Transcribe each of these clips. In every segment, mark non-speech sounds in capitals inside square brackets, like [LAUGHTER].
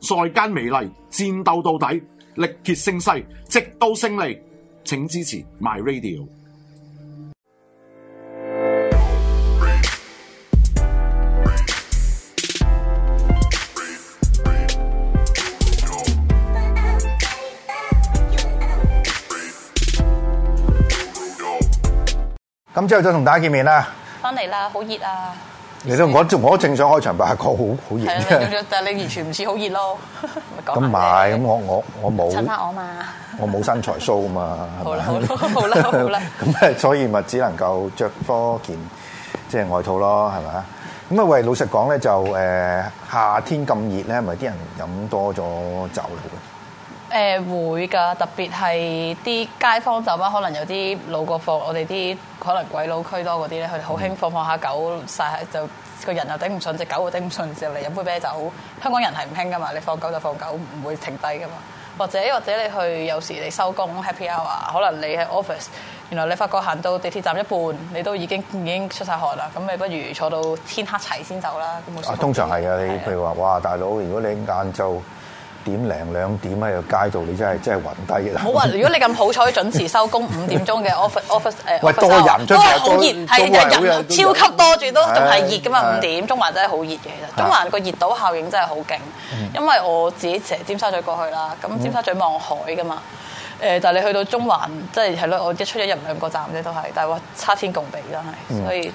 在間美麗戰鬥到底，力竭勝勢，直到勝利，請支持 My Radio。咁之後再同大家見面啦，翻嚟啦，好熱啊！你都我我正想開場白，係好好熱。但你完全唔似好熱咯。咁唔咁我我我冇。襯下我嘛？ [LAUGHS] 我冇身材 show 嘛，係咪 [LAUGHS] 好啦好啦好啦。咁 [LAUGHS] 所以咪只能夠着多件即係外套咯，係咪啊？咁啊，喂，老實講咧，就、呃、夏天咁熱咧，咪啲人飲多咗酒誒會㗎，特別係啲街坊酒吧。可能有啲老過放我，我哋啲可能鬼佬區多嗰啲咧，佢哋好興放放下狗晒就個人又頂唔順，隻狗又頂唔順，之後嚟飲杯啤酒。香港人係唔興㗎嘛，你放狗就放狗，唔會停低㗎嘛。或者或者你去有時你收工 happy hour，可能你喺 office，原來你發覺行到地鐵站一半，你都已經已經出晒汗啦，咁你不如坐到天黑齊先走啦。咁啊，通常係㗎，你譬如話，哇大佬，如果你晏晝，點零兩點喺個街度，你真係真係暈低啊！唔好話，如果你咁好彩準時收工五點鐘嘅 office office 誒，喂，多人真係好熱，係人超級多住都是，仲係熱噶嘛？五點、啊啊、中環真係好熱嘅，其實中環個熱島效應真係好勁，因為我自己成日尖沙咀過去啦，咁尖沙咀望海噶嘛，誒，但係你去到中環，即係係咯，我一出一入兩個站啫，都係，但係話差天共地真係，所以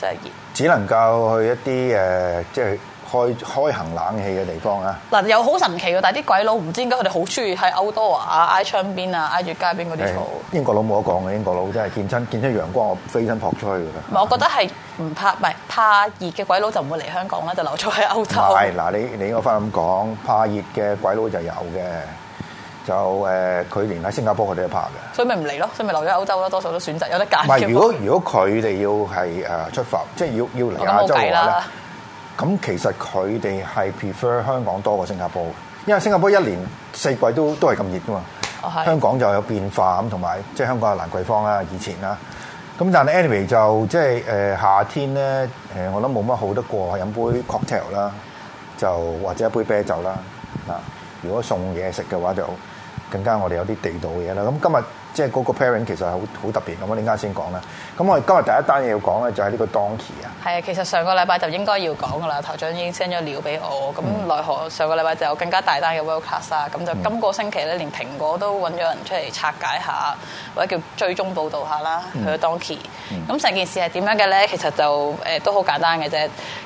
真係熱。只能夠去一啲誒、呃，即係。開開行冷氣嘅地方啊！嗱，有好神奇嘅，但係啲鬼佬唔知點解佢哋好中意喺歐多啊，挨窗邊啊，挨住街邊嗰啲。英國佬冇得講嘅，英國佬真係見親見親陽光我非常，我飛身撲出去噶啦。唔係，我覺得係唔怕，唔係怕熱嘅鬼佬就唔會嚟香港啦，就留咗喺歐洲。唔係，嗱你你應該翻咁講，怕熱嘅鬼佬就有嘅，就誒佢、呃、連喺新加坡佢哋都怕嘅。所以咪唔嚟咯，所以咪留咗喺歐洲咯，多數都選擇有得揀。唔係，如果如果佢哋要係誒出發，即係要要嚟亞洲嘅咁其實佢哋係 prefer 香港多過新加坡，因為新加坡一年四季都都係咁熱噶嘛，oh、香港就有變化，咁，同埋即係香港係蘭桂坊啦、以前啦。咁但係 anyway 就即係、呃、夏天咧，我諗冇乜好得過，飲杯 cocktail 啦，就或者一杯啤酒啦。嗱，如果送嘢食嘅話，就更加我哋有啲地道嘢啦。咁今日。即係嗰個 parent 其實係好好特別咁，我哋點解先講啦。咁我哋今日第一單嘢要講咧，就係呢個 Donkey 啊。係啊，其實上個禮拜就應該要講噶啦，頭長已經 send 咗料俾我。咁奈何上個禮拜就有更加大單嘅 World Class 啊。咁、嗯、就今個星期咧，連蘋果都揾咗人出嚟拆解一下，或者叫追蹤報導下啦佢嘅 Donkey。咁、嗯、成件事係點樣嘅咧？其實就誒、呃、都好簡單嘅啫。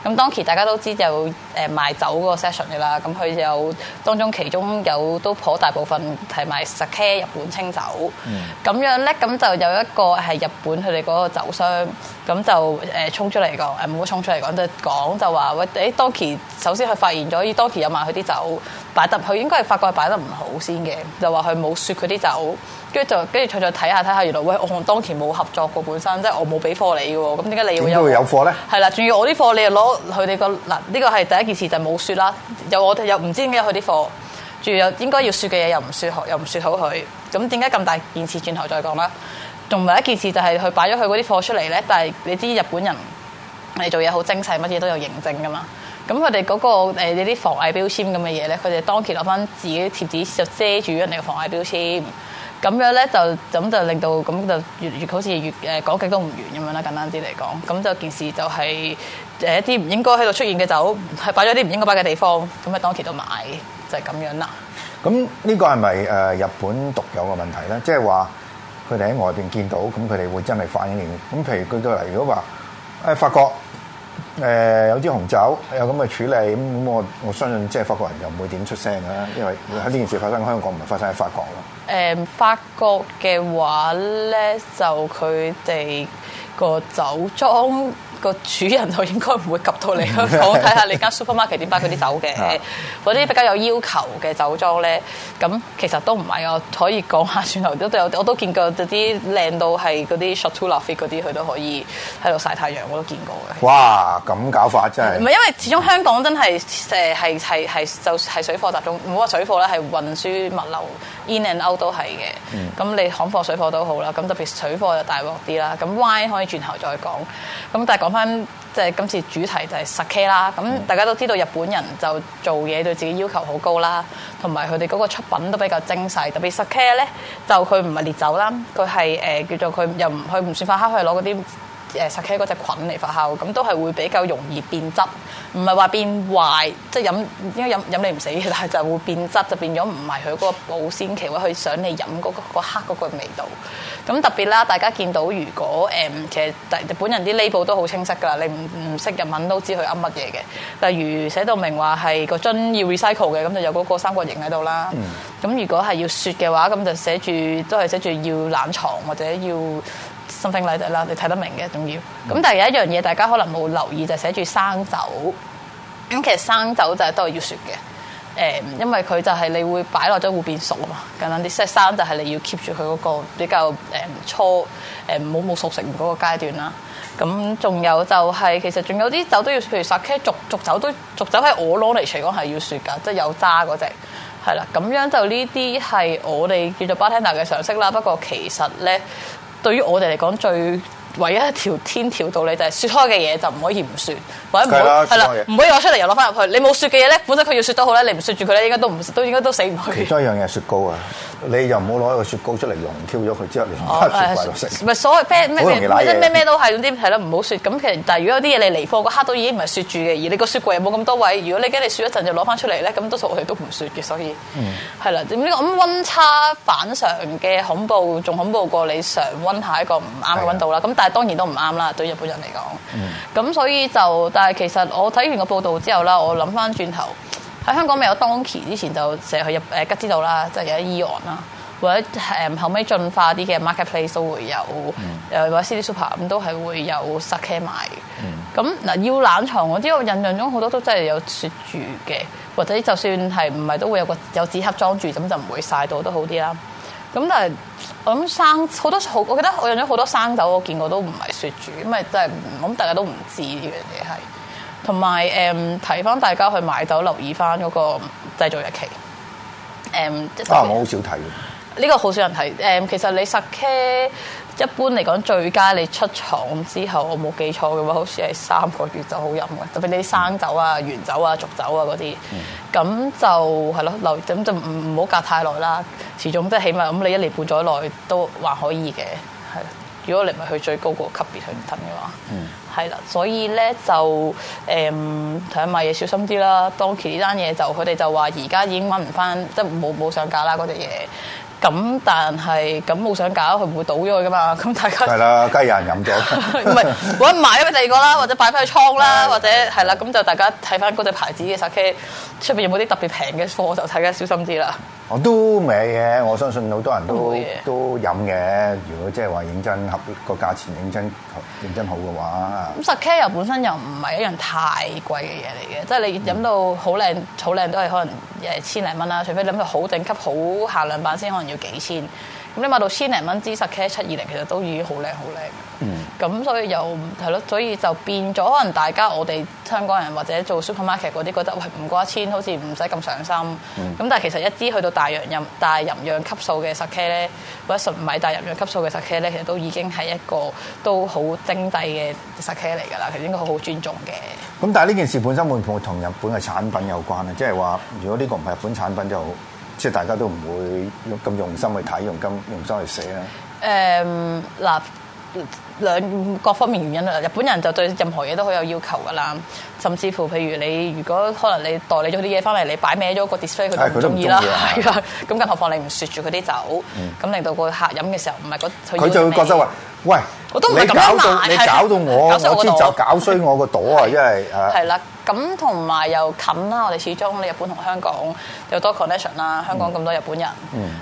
咁 Donkey 大家都知道有誒、呃、賣酒嗰個 session 嘅啦。咁佢有當中其中有都頗大部分係賣 Sake，日本清酒。嗯咁樣咧，咁就有一個係日本佢哋嗰個酒商，咁就誒衝出嚟講，唔好衝出嚟講，就講就話喂，誒 Donki 首先佢發現咗，Donki 有埋佢啲酒，擺得佢應該係發覺佢擺得唔好先嘅，就話佢冇雪佢啲酒，跟住就跟住再再睇下睇下，原來喂，我同 Donki 冇合作過本身，即係我冇俾貨你嘅喎，咁點解你要有貨咧？係啦，仲要我啲貨你又攞佢哋個嗱，呢個係第一件事就冇雪啦，有我哋又唔知點解有佢啲貨。仲有應該要説嘅嘢又唔説，又唔説好佢。咁點解咁大件事轉頭再講啦？仲有一件事就係佢擺咗佢嗰啲貨出嚟咧，但係你知日本人係做嘢好精細，乜嘢都有認證噶嘛。咁佢哋嗰個誒你啲防偽標籤咁嘅嘢咧，佢哋當期攞翻自己貼紙就遮住咗人哋嘅防偽標籤。咁樣咧就咁就令到咁就越越好似越誒講極都唔完咁樣啦。簡單啲嚟講，咁就件事就係誒一啲唔應該喺度出現嘅酒，係擺咗啲唔應該擺嘅地方，咁喺當期度賣。就係、是、咁樣啦。咁呢個係咪誒日本獨有嘅問題咧？即係話佢哋喺外邊見到，咁佢哋會真係反應。咁譬如舉到嚟，如果話誒、哎、法國誒、哎、有支紅酒有咁嘅處理，咁咁我我相信即係法國人又唔會點出聲嘅啦，因為喺呢件事發生香港，唔係發生喺法國咯。誒、嗯、法國嘅話咧，就佢哋個酒莊。個主人就應該唔會及到你，我睇下你間 Supermarket 點擺嗰啲酒嘅，嗰 [LAUGHS] 啲比較有要求嘅酒莊咧，咁其實都唔係啊，我可以講下轉頭都有，我都見過啲靚到係嗰啲 Chateau Lafite 嗰啲，佢都可以喺度曬太陽，我都見過嘅。哇！咁搞法真係唔係因為始終香港真係誒係係係就係水貨集中，唔好話水貨啦，係運輸物流 in and out 都係嘅。咁、嗯、你行貨水貨都好啦，咁特別水貨就大鑊啲啦。咁 Wine 可以轉頭再講，咁但係講。講翻即係今次主題就係 Sake 啦，咁大家都知道日本人就做嘢對自己要求好高啦，同埋佢哋嗰個出品都比較精細，特別 Sake 咧就佢唔係烈酒啦，佢係、呃、叫做佢又唔佢唔算花黑」，佢係攞嗰啲。誒殺佢嗰隻菌嚟發酵，咁都係會比較容易變質，唔係話變壞，即係飲應該飲飲你唔死嘅，但係就會變質，就變咗唔係佢嗰個保鮮期，或者佢想你飲嗰、那個黑嗰個味道。咁特別啦，大家見到如果誒其實日本人啲 label 都好清晰㗎啦，你唔唔識日文都知佢噏乜嘢嘅。例如寫到明話係個樽要 recycle 嘅，咁就有嗰個三角形喺度啦。咁如果係要雪嘅話，咁就寫住都係寫住要冷藏或者要。Something like that 啦，你睇得明嘅仲要。咁、嗯、但係有一樣嘢，大家可能冇留意就係、是、寫住生酒咁，其實生酒就係都係要雪嘅。誒、嗯，因為佢就係你會擺落咗會變熟啊嘛，簡單啲。即係生就係你要 keep 住佢嗰個比較誒初誒唔好冇熟成嗰個階段啦。咁、嗯、仲有就係、是、其實仲有啲酒都要，譬如 Sake 濁酒都濁酒係我攞嚟除光係要雪㗎，即、就、係、是、有渣嗰隻係啦。咁樣就呢啲係我哋叫做 bartender 嘅常識啦。不過其實咧。對於我哋嚟講，最唯一一條天條道理就係雪開嘅嘢就唔可以唔雪，或者唔好。係啦，唔可以攞出嚟又攞翻入去。 [LAUGHS] 你冇雪嘅嘢咧，本身佢要雪都好咧，你唔雪住佢咧，應該都唔都應該都死唔去。其中一樣嘢雪糕啊，你又唔好攞一個雪糕出嚟溶，挑咗佢之後，你仲開雪櫃度食。唔係所有咩咩，或者咩咩都係嗰啲係咯，唔好雪。咁其實但係如果有啲嘢你嚟貨個刻都已經唔係雪住嘅，而你個雪櫃又冇咁多位，如果你驚你雪一陣就攞翻出嚟咧，咁多數我哋都唔雪嘅，所以係啦。呢、嗯呢個咁溫差反常嘅恐怖，仲恐怖過你常溫下一個唔啱嘅溫度啦。咁但當然都唔啱啦，對日本人嚟講。咁所以就，但係其實我睇完個報道之後啦，我諗翻轉頭喺香港未有 Donki 之前就之，就成日去日誒吉之島啦，即係或者伊昂啦，或者誒後尾進化啲嘅 marketplace 都會有，誒、嗯、或者 City Super 咁都係會有 Sake 賣。咁、嗯、嗱，要冷藏我知我印象中好多都真係有雪住嘅，或者就算係唔係都會有個有紙盒裝住，咁就唔會曬到都好啲啦。咁但係。我諗生好多好，我記得我用咗好多生酒，我見過都唔係雪住，因為真係，我諗大家都唔知呢樣嘢係。同埋誒，提翻大家去買酒，留意翻嗰個製造日期。誒，啊，我好少睇嘅。呢個好少人睇。誒，其實你十 K。一般嚟講，最佳你出廠之後，我冇記錯嘅話，好似係三個月就好飲嘅，特別啲生酒啊、原酒啊、濁酒啊嗰啲。咁、嗯、就係咯，留咁就唔唔好隔太耐啦。始終即係起碼咁，你一年半載內都還可以嘅。係，如果你唔係去最高個級別去飲嘅話，嗯，係啦。所以咧就誒睇、呃、下買嘢小心啲啦。當期呢單嘢就佢哋就話而家已經揾唔翻，即係冇冇上架啦嗰隻嘢。那個東西咁但係咁冇想搞，佢唔會倒咗去噶嘛？咁大家係啦，梗係有人飲咗。 [LAUGHS] 唔係揾埋佢第二個啦，或者擺翻去倉啦，或者係啦，咁就大家睇翻嗰隻牌子嘅十 K 出面有冇啲特別平嘅貨，就大家小心啲啦。我都未嘅，我相信好多人都會都飲嘅。如果即係話認真合個價錢認真認真好嘅話，咁十 K 又本身又唔係一樣太貴嘅嘢嚟嘅，即係你飲到好靚好靚都係可能。誒千零蚊啦，除非諗到好頂級、好限量版先，可能要幾千。咁你買到千零蚊支十 K 七二零，其實都已經好靚好靚。嗯。咁所以又係咯，所以就變咗，可能大家我哋香港人或者做 supermarket 嗰啲覺得，喂唔過一千，好似唔使咁上心。咁、嗯、但係其實一支去到大洋任大吟釀級數嘅十 K 咧，或者純米大吟釀級數嘅十 K 咧，其實都已經係一個都好精細嘅十 K 嚟㗎啦。其實應該好好尊重嘅。咁但係呢件事本身會唔會同日本嘅產品有關啊？即係話，如果呢個唔係日本產品就？即係大家都唔會咁用心去睇，用咁用心去寫啦。誒、嗯，嗱，兩各方面原因啦。日本人就對任何嘢都好有要求㗎啦。甚至乎，譬如你如果可能你代理咗啲嘢翻嚟，你擺歪咗個 display 佢都唔滿意啦，係啦。咁更何況你唔雪住佢啲酒，咁、嗯、令到個客飲嘅時候唔係個味。就會覺得喂，喂，我都唔係咁樣賣，你搞到我個。我知就搞衰我個朵啊，因為係啦。咁同埋又近啦，我哋始終你日本同香港有多 connection 啦，香港咁多日本人，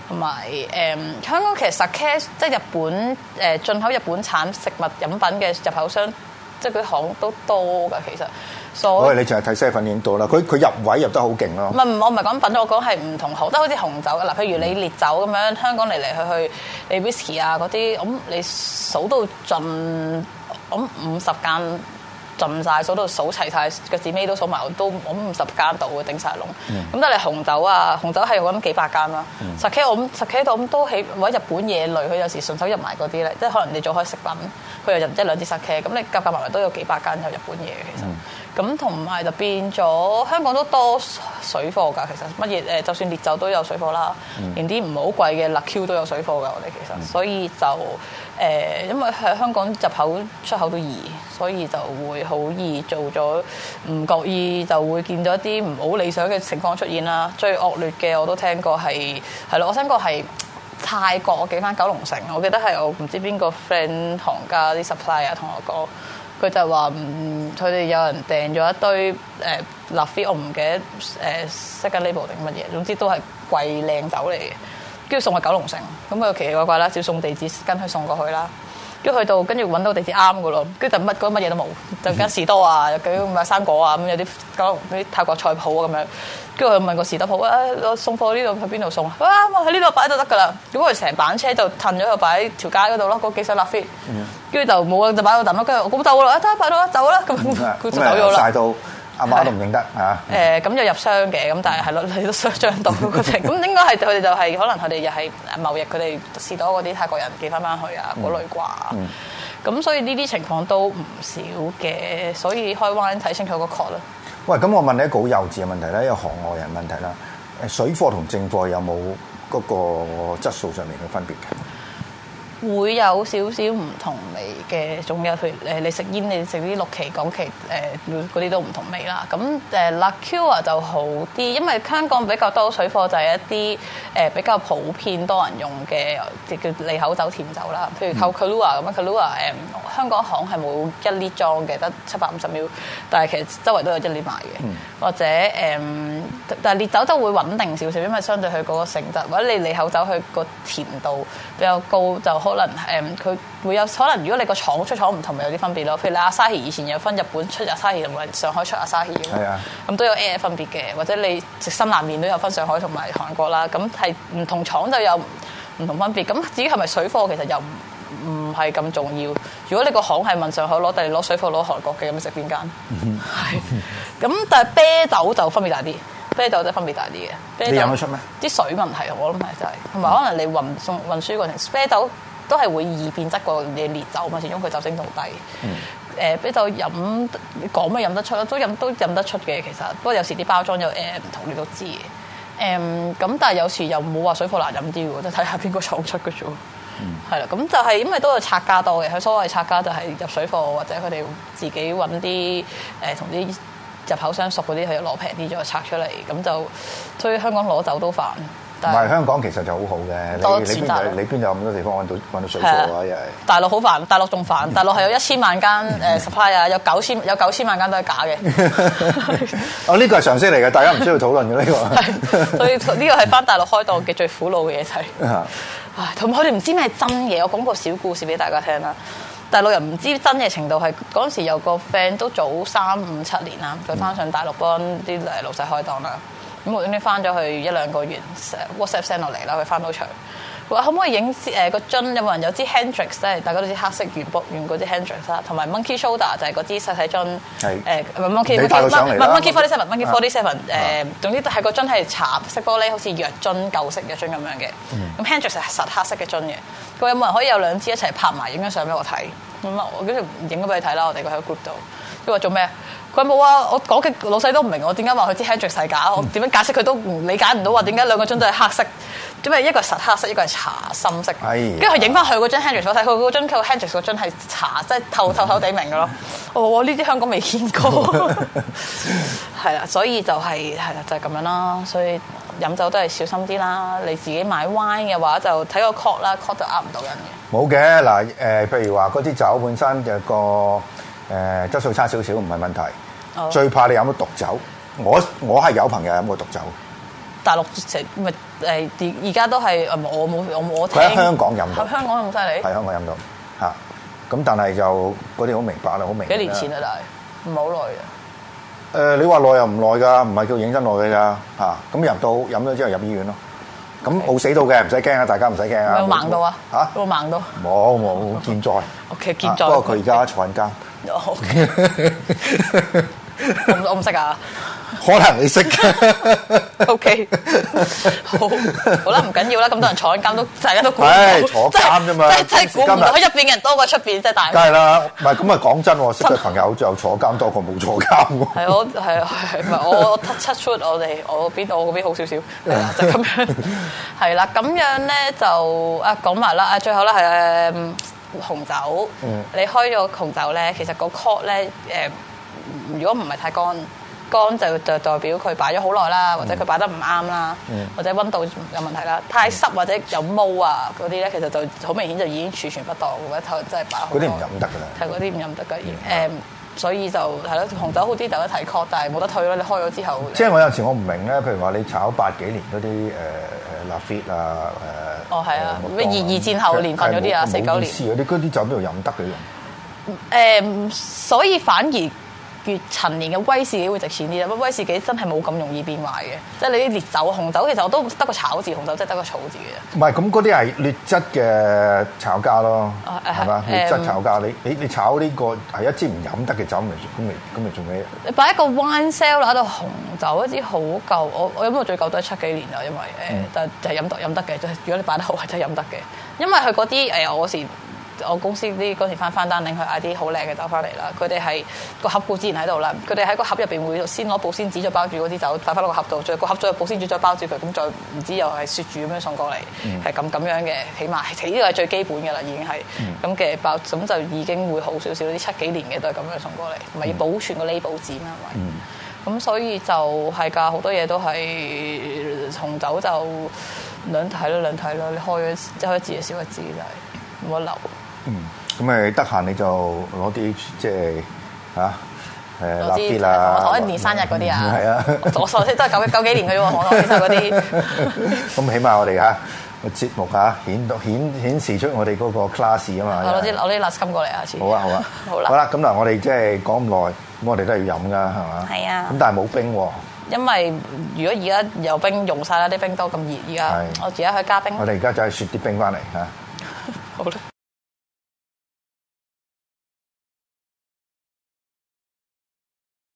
同、嗯、埋、嗯嗯、香港其實 Sake 即係日本誒進口日本產食物飲品嘅入口商，即係佢啲行都多㗎其實。所以你淨係睇西粉已經多啦，佢佢入位入得好勁咯。唔係，我唔係講粉，我講係唔同行，即係好似紅酒嗱，譬如你烈酒咁樣，香港嚟嚟去去你 whisky 啊嗰啲，咁你數到盡，咁五十間。浸晒，數到都數齊曬，腳趾尾都數埋，我都我諗五十間到嘅，頂晒籠。咁但係紅酒啊，紅酒係我諗幾百間啦。十、嗯、K 我諗十 K 度咁多起，買日本嘢類，佢有時順手入埋嗰啲咧，即係可能你做開食品，佢又入一,一兩支十 K，咁你夾夾埋埋都有幾百間有日本嘢嘅其實。嗯咁同埋就變咗香港都多水貨㗎，其實乜嘢誒，就算烈酒都有水貨啦，嗯、連啲唔好貴嘅勒 Q 都有水貨㗎，我哋其實，所以就誒，因為喺香港入口出口都易，所以就會好易做咗唔覺意就會見到一啲唔好理想嘅情況出現啦。最惡劣嘅我都聽過係係咯，我聽過係泰國，我記翻九龍城，我記得係我唔知邊個 friend 行家啲 supplier 同我講。佢就話唔，佢哋有人訂咗一堆誒拉菲，我唔記得 second label 定乜嘢，總之都係貴靚酒嚟嘅，跟住送去九龍城，咁佢奇奇怪怪啦，照送地址跟佢送過去啦。跟住去到，跟住揾到地址啱㗎咯，跟住就乜嗰乜嘢都冇，就間士多啊，又咁買生果啊，咁有啲嗰啲泰國菜鋪啊咁樣，跟住佢問個士多鋪啊、哎哎那個，我送貨呢度喺邊度送啊？哇，我喺呢度擺就得噶啦，咁佢成板車就褪咗就擺喺條街嗰度咯，個幾箱拉菲，跟住就冇就擺個蛋撻，跟住我走啦，得擺到啦，走啦，咁佢就走咗啦。嗯阿媽都唔認得咁就、啊嗯嗯、入箱嘅，咁但係係咯，你都想像到嗰個情，咁、那個、應該係佢哋就係、是、可能佢哋又係貿易佢哋士多嗰啲泰國人寄翻翻去啊嗰類啩。咁、嗯、所以呢啲情況都唔少嘅，所以開翻睇清楚個 code 啦。喂，咁我問你一個好幼稚嘅問題啦，一個行外人問題啦。誒，水貨同正貨有冇嗰個質素上面嘅分別嘅？會有少少唔同味嘅，仲有譬如誒你食煙，你食啲六期、港期誒嗰啲都唔同味啦。咁、呃、Lacula 就好啲，因為香港比較多水貨就係、是、一啲誒、呃、比較普遍多人用嘅即叫利口酒、甜酒啦。譬如 Kahlua 咁、嗯、啊，Kahlua、嗯、香港行係冇一 Litre 裝嘅，得七百五十秒，但係其實周圍都有一 Litre 賣嘅。嗯、或者誒、嗯，但係烈酒就會穩定少少，因為相對佢嗰個性質，或者你利口酒佢個甜度比較高就可以可能誒，佢會有可能，嗯、可能如果你個廠出廠唔同，咪有啲分別咯。譬如你阿沙皮以前有分日本出阿沙皮同埋上海出阿沙皮，係啊，咁都有啲分別嘅。或者你食辛辣麵都有分上海同埋韓國啦。咁係唔同廠就有唔同分別。咁至於係咪水貨其實又唔係咁重要。如果你個行係問上海攞，定攞水貨攞韓國嘅，咁食邊間？係。 [LAUGHS] 咁但係啤酒就分別大啲，啤酒就分別大啲嘅。啤，你飲得出咩？啲水問題，我諗係就係同埋可能你運送運輸過程啤酒。都係會易變質過嘅烈酒啊嘛，始終佢酒精度低。誒、嗯呃，比較飲講咪飲得出咯，都飲都飲得出嘅其實。不過有時啲包裝又誒唔同，你都知。誒咁，但係有時又冇話水貨難飲啲喎，嗯、就睇下邊個廠出嘅啫。係啦，咁就係因為都有拆家多嘅。佢所謂拆家就係入水貨或者佢哋自己揾啲同啲入口相熟嗰啲去攞平啲咗拆出嚟，咁就所以香港攞酒都煩。唔係香港其實就好好嘅，你你邊有你邊有咁多地方揾到揾到水貨啊！又係大陸好煩，大陸仲煩，大陸係有一千萬間誒 supply 啊，有九千有九千萬間都係假嘅。 [LAUGHS] [LAUGHS] 哦，呢個係常識嚟嘅，大家唔需要討論嘅呢個。所以呢個係翻大陸開檔嘅最苦惱嘅嘢嚟。啊！唉，同埋我哋唔知咩真嘢。我講個小故事俾大家聽啦。大陸人唔知真嘢程度係嗰時有個 friend 都早三五七年啦，佢翻上大陸幫啲老細開檔啦。咁我已經翻咗去一兩個月，WhatsApp send 落嚟啦，佢翻到場。佢話可唔可以影誒、呃嗰個樽有冇人有支 Hendrick's 咧？大家都知黑色圓玻用嗰啲 Hendrick's 啦，同埋 Monkey Shoulder 就係嗰啲細細樽誒，唔係、呃、Monkey Monkey Forty Seven、啊、Monkey Forty Seven 誒，總之係、嗰個樽係茶色玻璃，好似藥樽舊式藥樽咁樣嘅。咁 Hendrick's 係實黑色嘅樽嘅。佢話有冇人可以有兩支一齊拍埋影張相俾我睇？咁、嗯、啊，我跟住影咗俾你睇啦，我哋個喺 group 度。佢話做咩？佢冇啊！我講嘅老細都唔明我點解話佢支 Hendrix 係假，我點、嗯、樣解釋佢都唔理解唔到話點解兩個樽都係黑色，點解一個係實黑色，一個係茶深色？係、哎。跟住佢影翻佢嗰樽 Hendrix 嗰睇，佢嗰樽佢個 Hendrix 嗰樽係茶色透透透地明嘅咯。哦，呢啲香港未見過，係 [LAUGHS] 啦，所以就係係啦，就係、是、咁樣啦。所以飲酒都係小心啲啦。你自己買 wine 嘅話，就睇個 cork 啦 cork 就呃唔到人嘅。冇嘅嗱，誒，譬如話嗰啲酒本身嘅個。誒，質素差少少唔係問題，oh. 最怕你飲咗毒酒。我我係有朋友飲過毒酒。大陸唔誒，而家都係，我冇我我。佢喺香港飲到。喺香港咁犀利？喺香港飲到吓，咁但係就嗰啲好明白啦，好明。幾年前啦、啊，都係唔好耐嘅。誒、呃，你話耐又唔耐噶，唔係叫認真耐嘅咋吓。咁入到飲咗之後入醫院咯，咁、okay. 冇死到嘅，唔使驚啊，大家唔使驚啊。有有盲到啊吓？會、啊、盲到？冇冇健在。健、okay. 啊 okay. 在,在、okay.。不過佢而家坐緊監。哦，我唔識啊，可能你識。OK，好好啦，唔緊要啦，咁多人坐監都，大家都估唔到。唉，坐監啫嘛，真係估唔到，入邊嘅人多過出邊，真係大。梗係啦，唔係咁啊！講真，我識嘅朋友就坐監多過冇坐監。係我係係唔係我七出我哋我邊我嗰邊好少少，就咁樣係啦。咁樣咧就啊講埋啦啊最後咧係。紅酒，嗯、你開咗紅酒咧，其實個 cork 咧，誒，如果唔係太乾，乾就代代表佢擺咗好耐啦，或者佢擺得唔啱啦，或者溫度有問題啦，太濕或者有毛啊嗰啲咧，其實就好明顯就已經儲存不當，嗰一頭真係擺。嗰啲唔飲得㗎啦，係嗰啲唔飲得㗎，誒、嗯嗯，所以就係咯紅酒好啲，大家睇 cork，但係冇得退咯，你開咗之後。即係我有時我唔明咧，譬如話你炒八幾年嗰啲誒誒拉菲啊誒。呃 Lafitte，呃哦，係啊、咩，二二戰後年份嗰啲啊，四九年。唔好意思，你嗰啲酒邊度飲得嘅？誒、嗯，所以反而。越陳年嘅威士忌會值錢啲啦，威士忌真係冇咁容易變壞嘅，即係你啲烈酒、紅酒，其實我都得個炒字，紅酒真係得個儲字嘅。唔係，咁嗰啲係劣質嘅炒價咯，係、啊、嘛？劣質炒價、嗯，你你你炒呢、這個係一支唔飲得嘅酒嚟，咁咪咁咪做咩？擺一個 wine cell 啦，到紅酒一支好舊，我我飲到最舊都係七幾年啦，因為誒、嗯，但就係飲得飲得嘅，即係如果你擺得好，真、就、係、是、飲得嘅，因為佢嗰啲誒，我是。我公司啲嗰時翻翻單拎去嗌啲好靚嘅酒翻嚟啦，佢哋係個盒固之然喺度啦，佢哋喺個盒入邊會先攞保鮮紙再包住嗰啲酒，擺翻落個盒度，再個盒再保鮮紙包再包住佢，咁再唔知又係雪住咁、嗯樣,嗯、樣,樣送過嚟，係咁咁樣嘅，起碼呢個係最基本嘅啦，已經係咁嘅包，咁就已經會好少少啲七幾年嘅都係咁樣送過嚟，同埋要保存個呢保紙啊？係咪咁、嗯、所以就係噶好多嘢都係從酒就兩睇咯，兩睇咯，你開咗一開一支少一支就冇得留。嗯，咁咪得閒你就攞啲即係嚇，誒，嗱啲啦，我同一年生日嗰啲啊，係啊，我上次都係九九幾年嘅啫喎，我攞嗰啲。咁起碼我哋嚇個節目嚇顯顯顯示出我哋嗰個 class 啊嘛，攞啲攞啲 laskin 過嚟啊，好啊好啊，好啦，好啦，咁嗱我哋即係講咁耐，咁我哋都係要飲噶，係嘛？係啊，咁但係冇冰喎，因為如果而家有冰融曬啦，啲冰都咁熱而家，我而家去加冰，我哋而家就係雪啲冰翻嚟嚇，好啦。